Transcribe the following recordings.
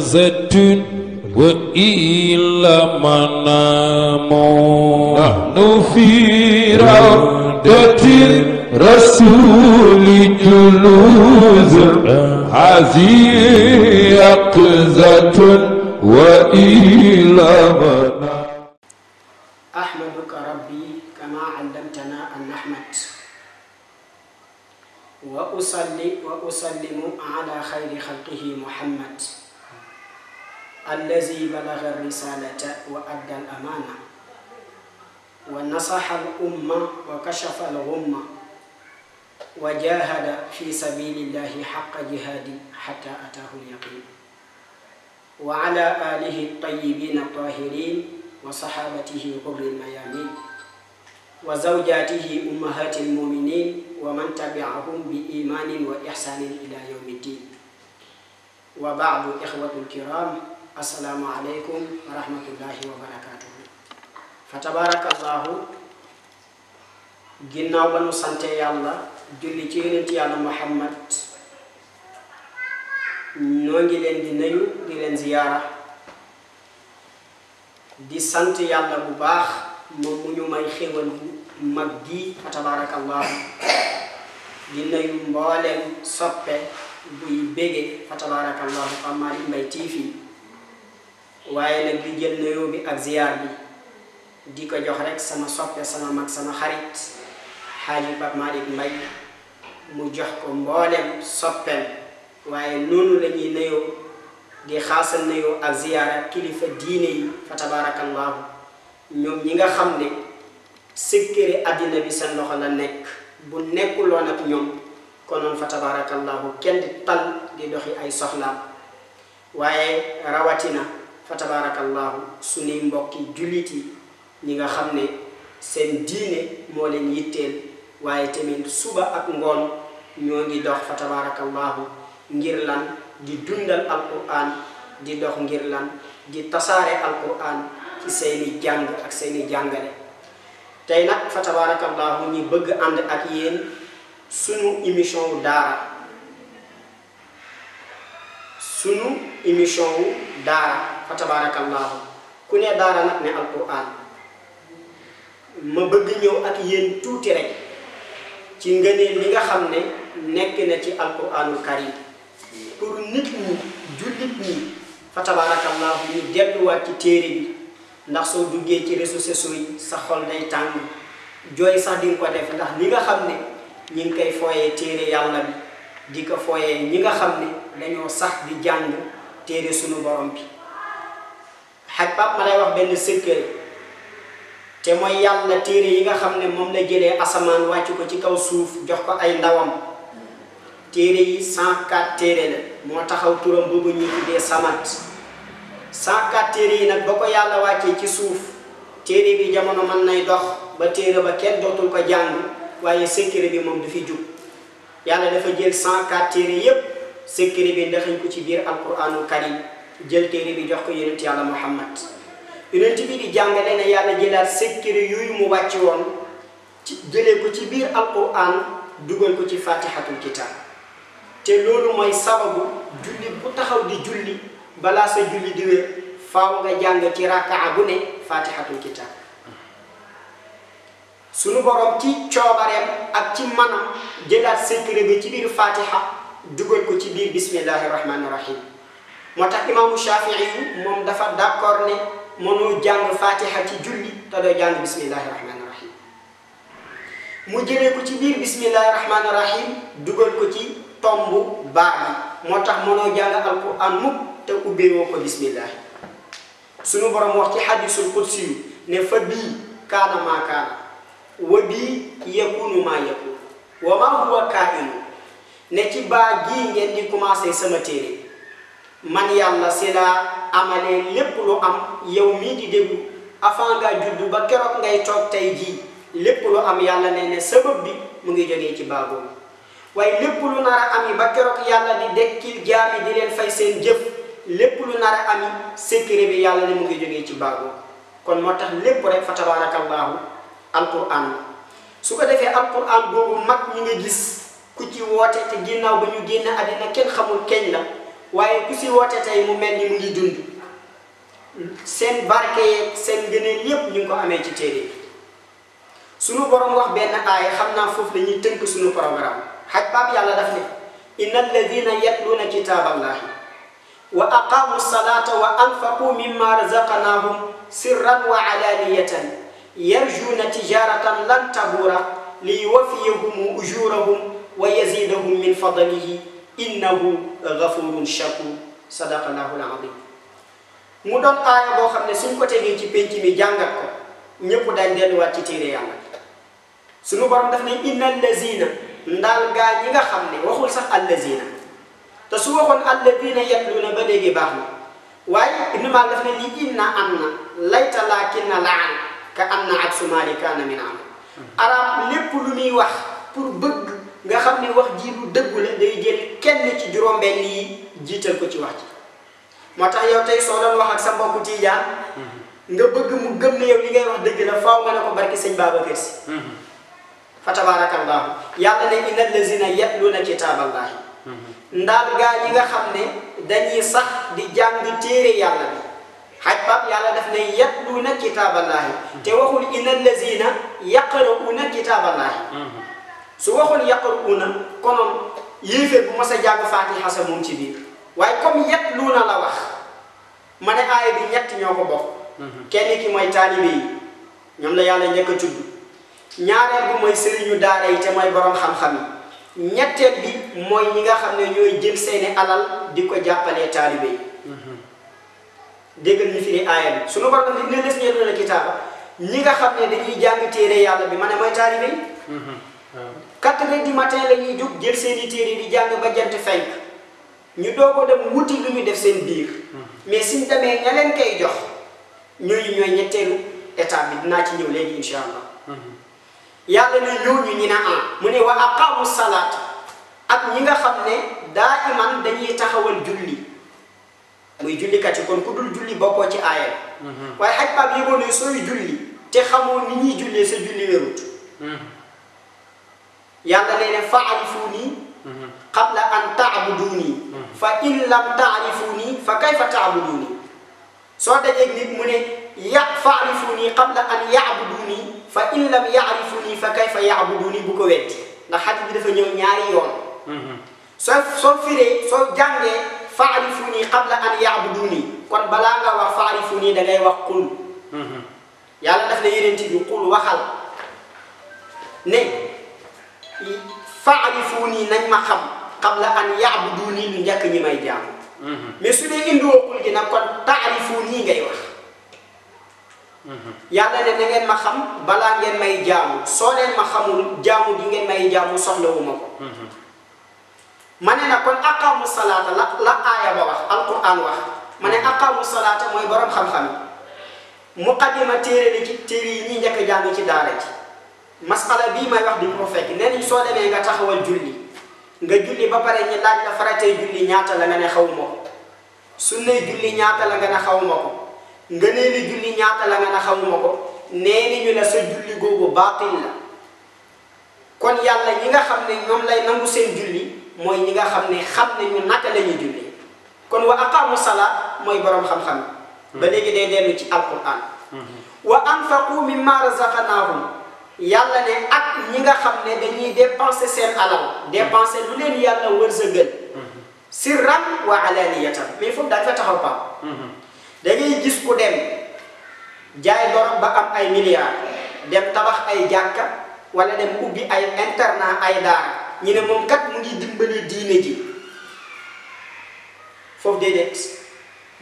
زيتون وإلى منام نعم. نفيرا دتير رسول جلوز هذه أقزة وإلى منام أحمدك ربي كما علمتنا أن نحمد وأصلي وأسلم على خير خلقه محمد الذي بلغ الرسالة وأدى الأمانة ونصح الأمة وكشف الغمة وجاهد في سبيل الله حق جهاد حتى أتاه اليقين وعلى آله الطيبين الطاهرين وصحابته غر الميامين وزوجاته أمهات المؤمنين ومن تبعهم بإيمان وإحسان إلى يوم الدين وبعض إخوة الكرام السلام عليكم ورحمة الله وبركاته فتبارك الله ginnaaw ba nu sante yàlla julli ci yonent yàlla muhammad ñoo ngi leen di nuyu di leen ziyaara di sant yàlla bu baax moom mu ñu may xéwal bu mag gi fa tabarakallahu di nuyu mbooleem soppe buy bége fa tabarakallahu Malick Mbaye TV waaye nag di jël bi ak ziyaar bi di ko jox rek sama soppe sama mag sama xarit xaaji Pape Malick mu jox ko mboolem soppeel waaye noonu la ñuy nuyoo di xaasal nuyoo ak ziyaara kilifa diine yi fa tabaarakallaahu ñoom ñi nga xam ne sikkiri àddina bi seen loxo la nekk bu nekkuloon ak ñoom konoon fa tabaarakallaahu kenn di tal di doxi ay soxlaam waaye rawatina fa tabaarakallaahu suñuy mbokki jullit yi ñi nga xam ne seen diine moo leen yitteel waaye tamit suba ak ngoon ñoo ngi dox fa tabaarakallaahu ngir lan di dundal alquran di dox ngir lan di tasaare alquran ci seeni jàng ak seeni jàngale tey nag fa tabaarakallaahu ñi bëgg ànd ak yéen sunu émission wu daara sunu émission daara fa tabaarakallaahu ku ne daara nag ne alquran ma bëgg ñëw ak yéen tuuti rek ci ngëneel li nga xam ne nekk na ci alquranul karim pour nit ñi jullit ñi fa tabaarakallaahu ñu delluwaat ci téere bi ndax soo duggee ci réseaux sociaux yi sa xol day tàng jooy sax di ko def ndax li nga xam ne ñi ngi koy fooyee téere yàlla bi di ko fooyee ñi nga xam ne dañoo sax di jàng téere sunu borom bi xaj pap ma lay wax benn secret te mooy yàlla téere yi nga xam ne moom la jëlee asamaan wàcc ko ci kaw suuf jox ko ay ndawam téere yi 104 téere la moo taxaw turam boobu ñuy tuddee samat 104 téere yi nag ba ko yàlla wàccee ci suuf téere bi jamono mën nay dox ba téere ba kenn dootul ko jàng waaye secret bi moom du fi jug yàlla dafa jël 104 téere yépp secret bi ndaxañ ko ci biir alquraanul yi jël téere bi jox ko yonent yàlla Muhammad yonent bi di jàngale ne yàlla jëlaat secret yooyu mu wàcc woon ci jëlee ko ci biir alquran dugal ko ci fatihatul kitab te loolu mooy sawagu julli bu taxaw di julli balaa sa julli di wér faaw nga jàng ci rakaa bu ne fatihatul kitab sunu borom ci coobareem ak ci manam jëlaat secret bi ci biir fatiha dugal ko ci biir bismillahi rahmaani rahim moo tax imaamu Shafii yi moom dafa d'accord ne mënoo jàng fatiha ci julli te doo jàng bismillahi rahmaani rahim mu jëlee ko ci biir bismillahi rahmaani rahim dugal ko ci tomb baax bi moo tax mënoo jàng alquran mukk te ubbeewoo ko bismillahi sunu borom wax ci hadisul qudsi yu ne fa bii kaana maa kaana wa bii yakunu maa yakunu wa maa huwa ne ci baa gii ngeen di commencé sama téere man yàlla si laa lépp lu am yow mii di déglu avant juddu ba keroog ngay toog tey jii lépp lu am yàlla ne ne sabab bi mu ngi jógee ci baaboobu waaye lépp lu nar a ami ba keroog yàlla di dekkil jaami di leen fay seen jëf lépp lu nar am ami secret bi yàlla ne mu ngi jógee ci baaboobu kon moo tax lépp rek fa tabaarakallaahu alquran su ko defee alquran boobu mag ñu nga gis ku ci woote te ginnaaw ba ñu génne àddina kenn xamul keñ la waaye ku si woote tey mu mel ni mu ngi dund seen barke yeeg seen gëneel yépp ñu ngi ko amee ci téere bi sunu borom wax benn aaya xam naa foofu la ñuy tënk sunu programme xaj baab yàlla daf ne inna alladina yatluuna kitaaballahi wa aqaamu salaata wa anfaqu mimma razaqnaahum sirran wa alaaniyatan yarjuuna tijaratan lan tabuura liyuwafiyahum ujurahum wa yazidahum min fadlihi innahu ghafurun shakur sadaqallahu al-azim mu doon aaya boo xam ne suñ ko tegee ci pénc mi jàngat ko ñëpp dañ delluwaat ci téere yàlla suñu borom daf ne inna allazina ndaal gaa ñi nga xam ne waxul sax allazina te su waxoon allazina yatluuna ba léegi baax na waaye ibnu maal daf ne li inna am na layta laakinna laan ka am na ak sumaali kaana min am arab lépp lu muy wax pour bëgg nga xam ni wax ji lu dëggu la day jël kenn ci juróom-benn yi jiital ko ci wax ji moo tax yow tey soo doon wax ak sa mbokku tiijaan mhm. nga bëgg mu gëm ne yow li ngay wax dëgg la faaw nga ne ko barki sëñ Babacar Si mhm. fa tabaarakallaahu yàlla ne inna allazina yatluuna kitaaballaahi mhm. ndaal gaa yi nga xam ne dañuy sax di jàng téere yàlla bi xaj baab yàlla daf ne yatluuna kitaaballaahi te waxul inna allazina yaqra'uuna kitaaballaahi su waxul yaqruuna konoon yéeféer bu mas a jàng faatiha sa moom ci biir waaye comme yet luuna la wax ma ne aaya bi ñett ñoo ko bokk kenn ki mooy taalibe yi ñoom la yàlla njëkk a tudd ñaareel bi mooy sëriñu daara yi te mooy borom xam-xam yi ñetteel bi mooy ñi nga xam ne ñooy jël seeni alal di ko jàppalee taalibe yi déggal ñu firi aaya bi suñu borom di ne les ñee doon a kitaaba ñi nga xam ne dañuy jàng téere yàlla bi ma ne mooy taalibe quatre heures du matin la ñuy jël seen i téere di jàng ba jant fenk ñu doog a dem wuti lu ñu def seen biir mais suñ demee ña leen koy jox ñooñu ñooy ñetteelu état bi dinaa ci ñëw léegi incha allah yàlla na ñooñu ñu ne ah mu ne wa aqaamu salaat ak ñi nga xam ne daa iman dañuy taxawal julli muy jullikat yi kon ku dul julli bokkoo ci aayal mm-hmm. waaye xaj baab yëgoon ne sooy julli te xamoo ni ñuy jullee sa julli wérut mm-hmm. يالا لين فاعرفوني قبل ان تعبدوني فان لم تعرفوني فكيف تعبدوني سو داجيك نيت موني يعرفوني قبل ان يعبدوني فان لم يعرفوني فكيف يعبدوني بوكو ويت دا حاجه دي دا فا نيو نياري يون سو سو فيري سو جانغي فاعرفوني قبل ان يعبدوني كون بلاغا واخ فاعرفوني داغي واخ قل يالا داف لا يينتي قل وخال ني nii nañ ma xam xam la an yaabuduuni lu njëkk ñi may jaamu. Mhm. mais su dee ko gi nag kon taarifuuni ngay wax. Mhm. yàlla ne na ngeen ma xam balaa ngeen may jaamu soo leen ma xamul gi ngeen may jaamu soxlawuma ko. Mhm. ma ne nag kon aqaamu salaata la la aaya ba wax alquran wax ma ne aqaamu salaata mooy borom xam-xam yi muqaddima téere li ci téere yi ñuy njëkk a jàng ci daara ji. masala bii may wax di ko fekk nee nañ soo demee nga taxawal julli nga julli ba pare ñu laaj la faratee julli ñaata la nga ne xaw ma ko sunna julli ñaata la nga ne xaw ma ko nga nee li julli ñaata la ne xaw ma ko nee nañu sa julli googu baatil la kon yàlla ñi nga xam ne ñoom lay nangu seen julli mooy ñi nga xam ne xam nañu naka la ñuy julli kon wa aqaamu salaat mooy boroom xam-xam ba léegi day dellu ci alquran mm-hmm. wa anfaqu mimma razaqnaahum yalla ne ak ñi nga xamne ne dañuy dépenser sen alal dépenser lu leen yalla wërsegal sirran wa alaniyatan mais fu dafa fa taxaw pa dañuy gis ku dem jaay dor ba am ay milliards dem tabax ay jakka wala dem ubbi ay internat ay daar ñi ne mom kat mu ngi dimbali diine ji fof dedet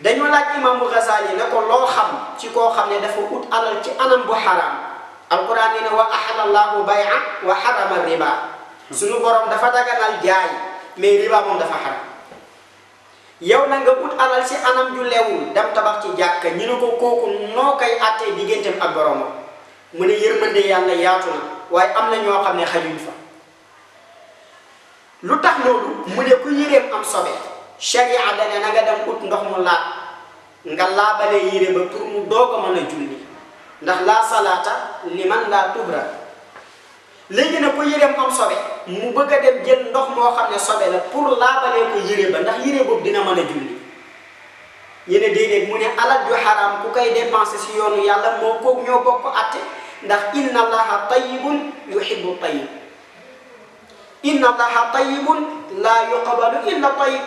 dañu laaj imam Ghazali ne ko loo xam ci ko xamne ne dafa ut alal ci anam bu haram alquran nee na wa ahalla allahu bay'a wa harama riba suñu borom dafa daganal jaay mais riba moom dafa xaram yow na nga ut alal si anam ju leewul dem tabax ci jàkka ñu ne ko kooku noo koy àttee digganteem ak boromam mu ne yërmande yàlla yaatu na waaye am na ñoo xam ne xajuñ fa lu tax loolu mu ne ku yéreem am sobe sharia dane na nga dem ut ndox mu laat nga laabalee yére ba pour mu doog a mën ndax laa salaata li man laa tubra léegi nag ku yëreem am sobe mu bëgg a dem jël ndox moo xam ne sobe la pour laabalee ko yëre ba ndax yëre boobu dina man a julli yéen déedéet mu ne alal ju xaraam ku koy dépensé si yoonu yàlla moo ko ñoo ndax inna allaha tayyibun yuhibbu tayyib inna allaha tayyibun laa yuqbalu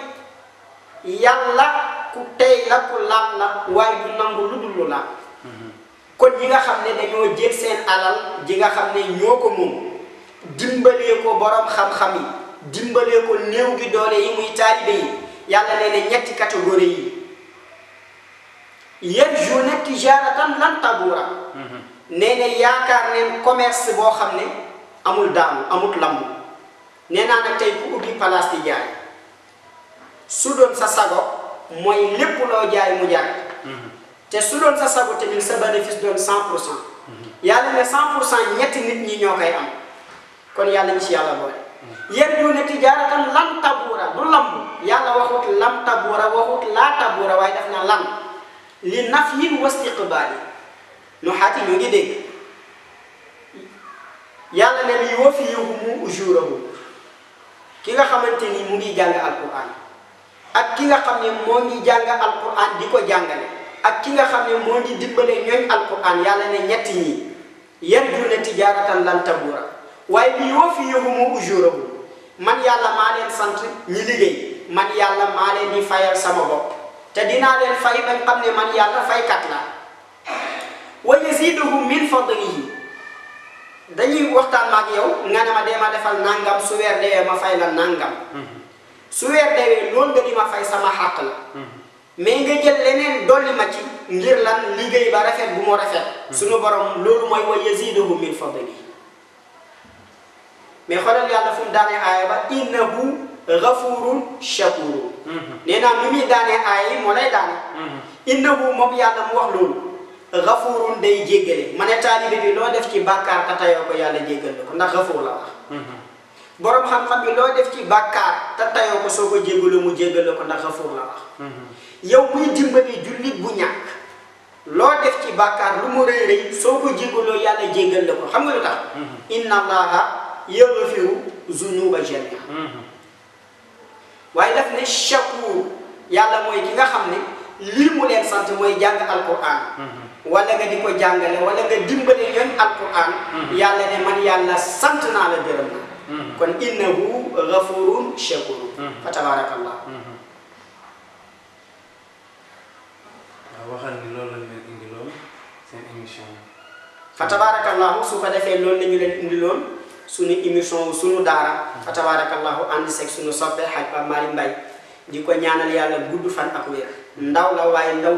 yàlla ku tey la ku laab la waaye du nangu lu dul lu kon ñi nga xam ne dañoo jël seen alal ji nga xam ne ñoo ko moom dimbalee ko borom xam-xam yi dimbalee ko néew gi doole yi muy taalibe yi yàlla nee na ñetti catégorie yi yarjuuna tijaaratan lan tabuura nee na yaakaar ne commerce boo xam ne amul daanu amul lamb nee naa nag tey ku ubbi place di jaay su doon sa sago mooy lépp loo jaay mu jaay mm-hmm. te su doon sa sago tamit sa bénéfice doon 100 pour san yàlla ne 100 pour cent ñetti nit ñi ñoo koy am kon yàlla ñu ci yàlla boole. Mm-hmm. yéen ñu ne tijaaratan lan tabuura du lamb yàlla waxut lam tabuura waxut laa tabuura waaye def na lan li naf yin wastiqbaali nu xaati ñu ngi dégg yàlla ne lii woo fi mu ujurahu ki nga xamante ni mu ngi jàng alquran ak ki nga xam ne moo ngi jàng alquran di ko jàngale. ak ki nga xamne mo ngi ñu ñoy alquran yalla né ñett yi yaddu na lan tabura waaye bi yoo fi yëgumu man yalla ma len sante ñi liggéey man yalla ma len di fayal sama bop te dina len fay bañ xamne man yalla fay faykat la wa min fadlihi dañuy waxtaan maag yow nga na ma dee ma defal nangam su weer dewee ma fay la nangam mhm. su weer dewee non nga di ma fay sama hak la mhm. mais nga jël leneen dolli ma ci ngir lan liggéey ba rafet bu mu rafet suñu borom loolu mooy wa yaziduhu min fadli mais xoolal yàlla fu mu daanee aaya ba innahu ghafurun shakur nee naa nu muy daanee lay daane innahu moom yàlla mu wax loolu ghafurun day jéggale ma ne bi loo def ci bàkkaar te tayoo ko yàlla jéggal la ndax ghafur la wax borom xam-xam bi loo def ci bàkkaar te tayoo ko soo ko mu jéggal la ndax ghafur la wax yow muy dimbali jullit bu ñàkk loo def ci bàkkaar lu mu rëy rëy soo ko jégaloo yàlla jéggal la ko xam nga lu tax mm-hmm. inna allaha yaghfiru zunuba jamia mm-hmm. waaye daf ne shakuur yàlla mooy ki nga xam ne lii mu leen sant mooy jàng alquran mm-hmm. wala nga di ko jàngale wala nga dimbali yoon alquran yàlla ne man yàlla sant naa la gërëm na kon innahu ghafurun shakuur fa tabaraka waxal ni loolu lañ leen indi lool seen émission bi. fa tabaarakallaahu su ko defee loolu la ñu leen indi lool suñu émission wu suñu daara fa tabaarakallaahu ànd seeg suñu soppe xaj ba Mali Mbay di ko ñaanal yàlla gudd fan ak wér ndaw la waaye ndaw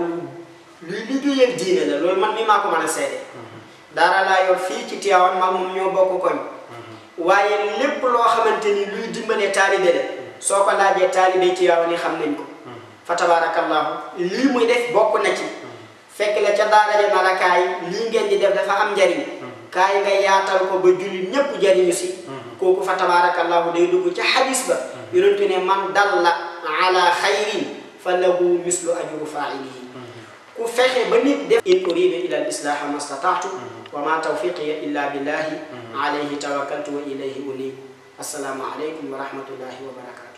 luy liggéeyal diine la loolu man mi maa ko a seede mm-hmm. daara laa yor fii ci Tiwaawan maam moom ñoo bokk koñ mm-hmm. waaye lépp loo xamante ni luy dimbalee taalibe la mm-hmm. soo ko laajee taalibe Tiwaawan yi xam nañ ko fa tabaarakallaahu lii muy def bokk na ci fekk la ca daara ja nara kaay lii ngeen di def dafa am njariñ kaay nga yaatal ko ba jullit ñépp jariñu si kooku fa tabaarakallaahu day dugg ca xadis ba yonentu ne man dalla ala xayrin fa lahu mislu ajru faa'ilihi ku fexe ba ni def in uriidu ila al islaaha ma stataatu wa ma tawfiqiya illa billahi alayhi tawakkaltu wa ilayhi uniibu assalaamu aleykum wa rahmatullahi wa barakatu